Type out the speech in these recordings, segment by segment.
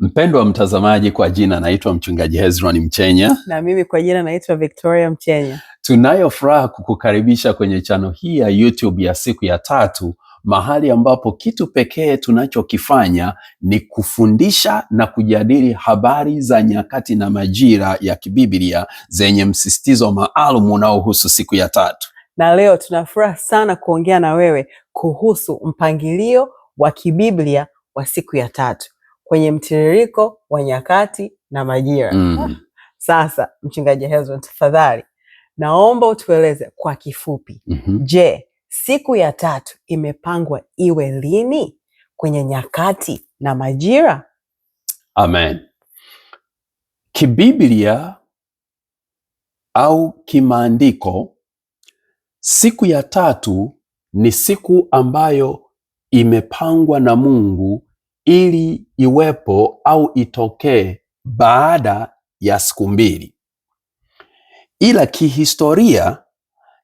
Mpendwa mtazamaji, kwa jina naitwa mchungaji Hezron Mchenya. Na mimi kwa jina naitwa Victoria Mchenya. Tunayo furaha kukukaribisha kwenye chano hii ya YouTube ya siku ya tatu, mahali ambapo kitu pekee tunachokifanya ni kufundisha na kujadili habari za nyakati na majira ya kibiblia zenye msisitizo maalum unaohusu siku ya tatu. Na leo tunafuraha sana kuongea na wewe kuhusu mpangilio wa kibiblia wa siku ya tatu kwenye mtiririko wa nyakati na majira mm. Ah, sasa Mchungaji Hezron, tafadhali naomba utueleze kwa kifupi mm -hmm. Je, siku ya tatu imepangwa iwe lini kwenye nyakati na majira? Amen. Kibiblia au kimaandiko, siku ya tatu ni siku ambayo imepangwa na Mungu ili iwepo au itokee baada ya siku mbili, ila kihistoria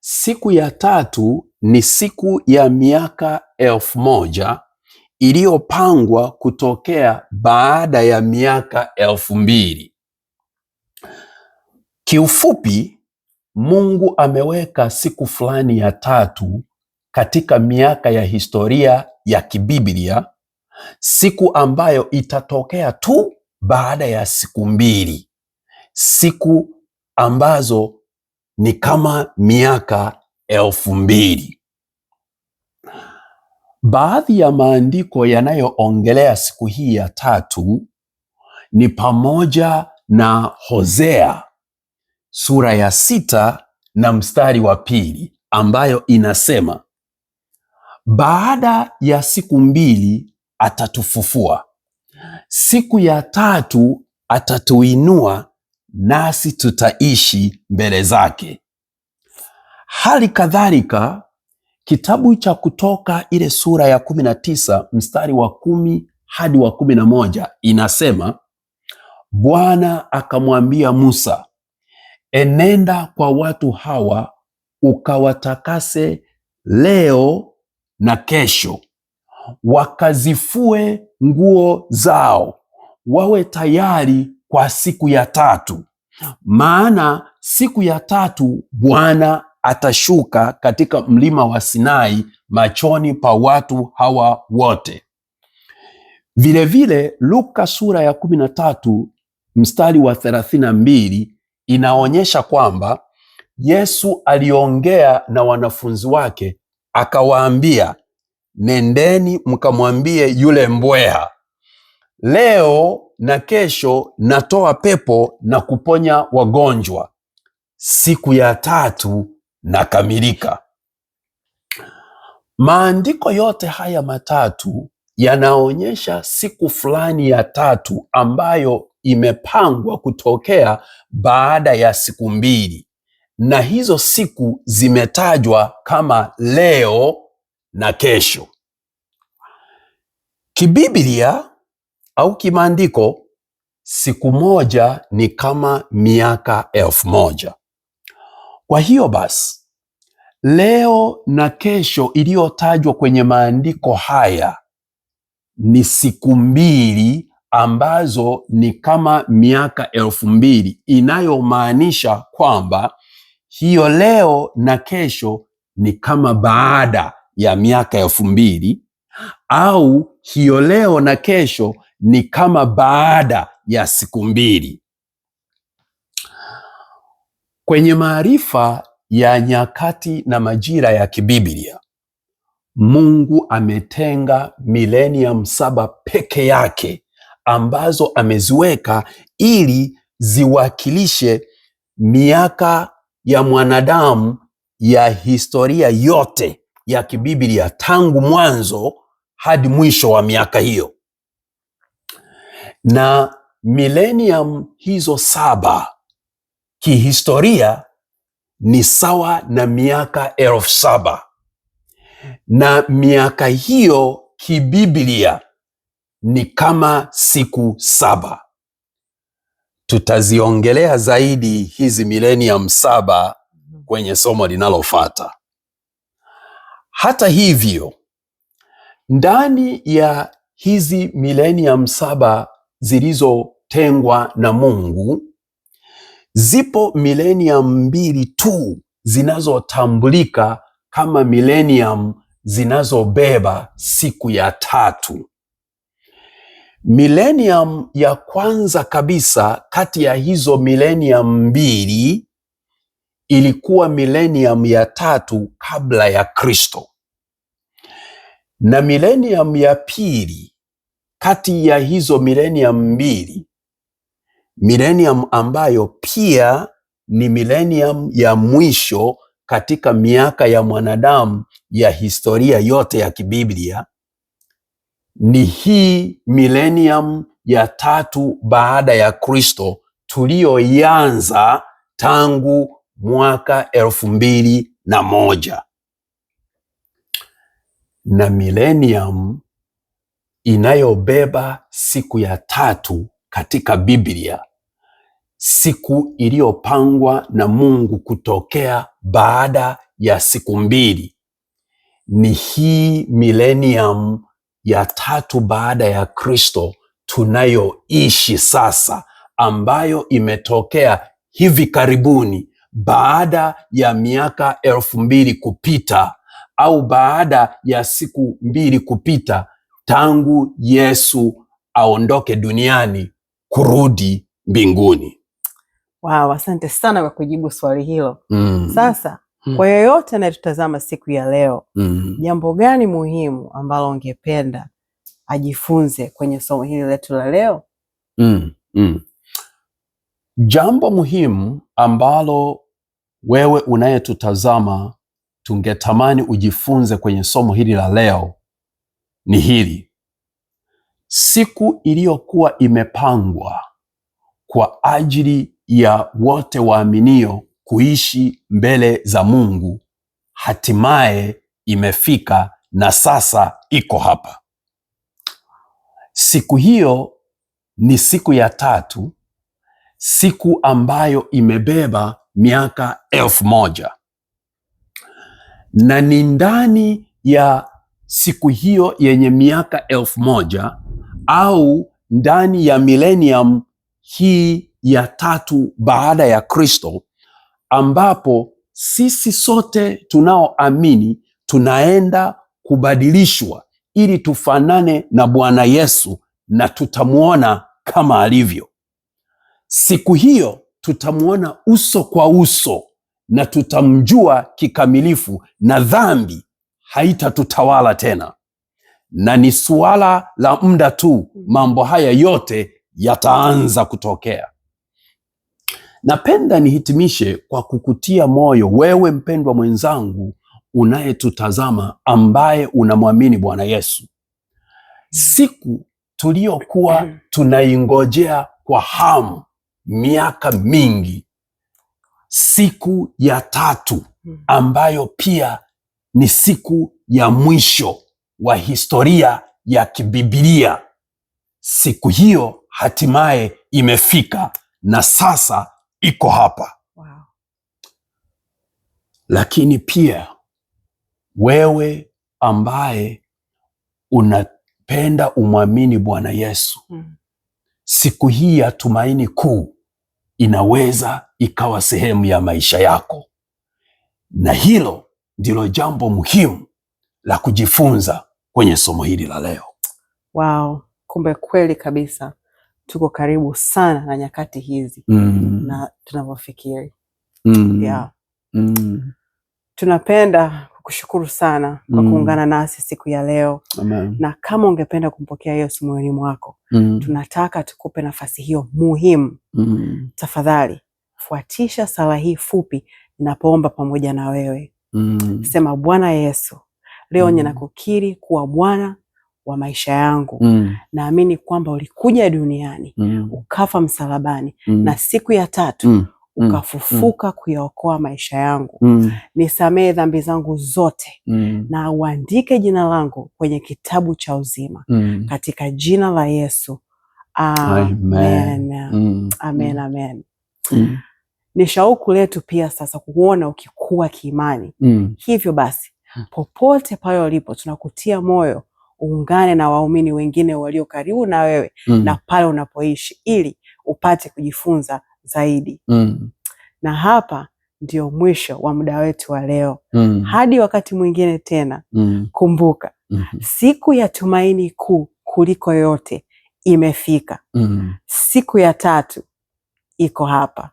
siku ya tatu ni siku ya miaka elfu moja iliyopangwa kutokea baada ya miaka elfu mbili. Kiufupi, Mungu ameweka siku fulani ya tatu katika miaka ya historia ya kibiblia siku ambayo itatokea tu baada ya siku mbili, siku ambazo ni kama miaka elfu mbili. Baadhi ya maandiko yanayoongelea siku hii ya tatu ni pamoja na Hosea sura ya sita na mstari wa pili ambayo inasema, baada ya siku mbili atatufufua siku ya tatu, atatuinua nasi tutaishi mbele zake. Hali kadhalika kitabu cha Kutoka ile sura ya kumi na tisa mstari wa kumi hadi wa kumi na moja inasema, Bwana akamwambia Musa, enenda kwa watu hawa ukawatakase leo na kesho wakazifue nguo zao, wawe tayari kwa siku ya tatu, maana siku ya tatu Bwana atashuka katika mlima wa Sinai machoni pa watu hawa wote. Vilevile Luka sura ya kumi na tatu mstari wa thelathini na mbili inaonyesha kwamba Yesu aliongea na wanafunzi wake akawaambia, nendeni mkamwambie yule mbweha, leo na kesho natoa pepo na kuponya wagonjwa, siku ya tatu nakamilika. Maandiko yote haya matatu yanaonyesha siku fulani ya tatu ambayo imepangwa kutokea baada ya siku mbili, na hizo siku zimetajwa kama leo na kesho. Kibiblia au kimaandiko, siku moja ni kama miaka elfu moja. Kwa hiyo basi, leo na kesho iliyotajwa kwenye maandiko haya ni siku mbili ambazo ni kama miaka elfu mbili, inayomaanisha kwamba hiyo leo na kesho ni kama baada ya miaka elfu mbili au hiyo leo na kesho ni kama baada ya siku mbili. Kwenye maarifa ya nyakati na majira ya kibiblia, Mungu ametenga milenium saba peke yake ambazo ameziweka ili ziwakilishe miaka ya mwanadamu ya historia yote ya kibiblia tangu mwanzo hadi mwisho wa miaka hiyo, na milenium hizo saba kihistoria ni sawa na miaka elfu saba na miaka hiyo kibiblia ni kama siku saba. Tutaziongelea zaidi hizi milenium saba kwenye somo linalofuata. Hata hivyo, ndani ya hizi milenium saba zilizotengwa na Mungu, zipo milenium mbili tu zinazotambulika kama milenium zinazobeba siku ya tatu. Milenium ya kwanza kabisa kati ya hizo milenium mbili ilikuwa milenium ya tatu kabla ya Kristo na milenium ya pili, kati ya hizo milenium mbili, milenium ambayo pia ni milenium ya mwisho katika miaka ya mwanadamu ya historia yote ya kibiblia ni hii milenium ya tatu baada ya Kristo tuliyoianza tangu mwaka elfu mbili na moja na millennium inayobeba siku ya tatu katika Biblia, siku iliyopangwa na Mungu kutokea baada ya siku mbili. Ni hii millennium ya tatu baada ya Kristo tunayoishi sasa, ambayo imetokea hivi karibuni baada ya miaka elfu mbili kupita au baada ya siku mbili kupita tangu Yesu aondoke duniani kurudi mbinguni. Wow, asante sana kwa kujibu swali hilo. Mm. Sasa mm. kwa yoyote anayetutazama siku ya leo mm. jambo gani muhimu ambalo ungependa ajifunze kwenye somo hili letu la leo? Mm. Mm. Jambo muhimu ambalo wewe unayetutazama tungetamani ujifunze kwenye somo hili la leo ni hili: siku iliyokuwa imepangwa kwa ajili ya wote waaminio kuishi mbele za Mungu hatimaye imefika na sasa iko hapa. Siku hiyo ni siku ya tatu, siku ambayo imebeba miaka elfu moja na ni ndani ya siku hiyo yenye miaka elfu moja au ndani ya milenium hii ya tatu baada ya Kristo, ambapo sisi sote tunaoamini tunaenda kubadilishwa ili tufanane na Bwana Yesu na tutamwona kama alivyo. Siku hiyo tutamwona uso kwa uso na tutamjua kikamilifu na dhambi haitatutawala tena, na ni suala la muda tu, mambo haya yote yataanza kutokea. Napenda nihitimishe kwa kukutia moyo wewe mpendwa mwenzangu unayetutazama ambaye unamwamini Bwana Yesu. Siku tuliyokuwa tunaingojea kwa hamu miaka mingi siku ya tatu hmm. ambayo pia ni siku ya mwisho wa historia ya kibibilia. Siku hiyo hatimaye imefika na sasa iko hapa. Wow. Lakini pia wewe ambaye unapenda umwamini Bwana Yesu, hmm. siku hii ya tumaini kuu inaweza ikawa sehemu ya maisha yako, na hilo ndilo jambo muhimu la kujifunza kwenye somo hili la leo. Wow, kumbe kweli kabisa tuko karibu sana na nyakati hizi mm. na tunavyofikiri mm. yeah. mm. tunapenda kukushukuru sana kwa mm. kuungana nasi siku ya leo Amen. Na kama ungependa kumpokea Yesu moyoni mwako mm. tunataka tukupe nafasi hiyo muhimu mm. Tafadhali fuatisha sala hii fupi ninapoomba pamoja na wewe mm. Sema, Bwana Yesu, leo mm. ninakukiri kuwa Bwana wa maisha yangu mm. Naamini kwamba ulikuja duniani mm. ukafa msalabani mm. na siku ya tatu mm. Mm. ukafufuka mm. kuyaokoa maisha yangu mm. nisamehe dhambi zangu zote mm. na uandike jina langu kwenye kitabu cha uzima mm. katika jina la Yesu amen. Amen. Mm. Amen, mm. amen. Mm. Ni shauku letu pia sasa kuona ukikua kiimani mm. hivyo basi popote pale ulipo tunakutia moyo uungane na waumini wengine walio karibu na wewe mm. na pale unapoishi ili upate kujifunza zaidi mm. Na hapa ndio mwisho wa muda wetu wa leo mm. Hadi wakati mwingine tena mm. Kumbuka mm -hmm. Siku ya tumaini kuu kuliko yote imefika mm. Siku ya tatu iko hapa.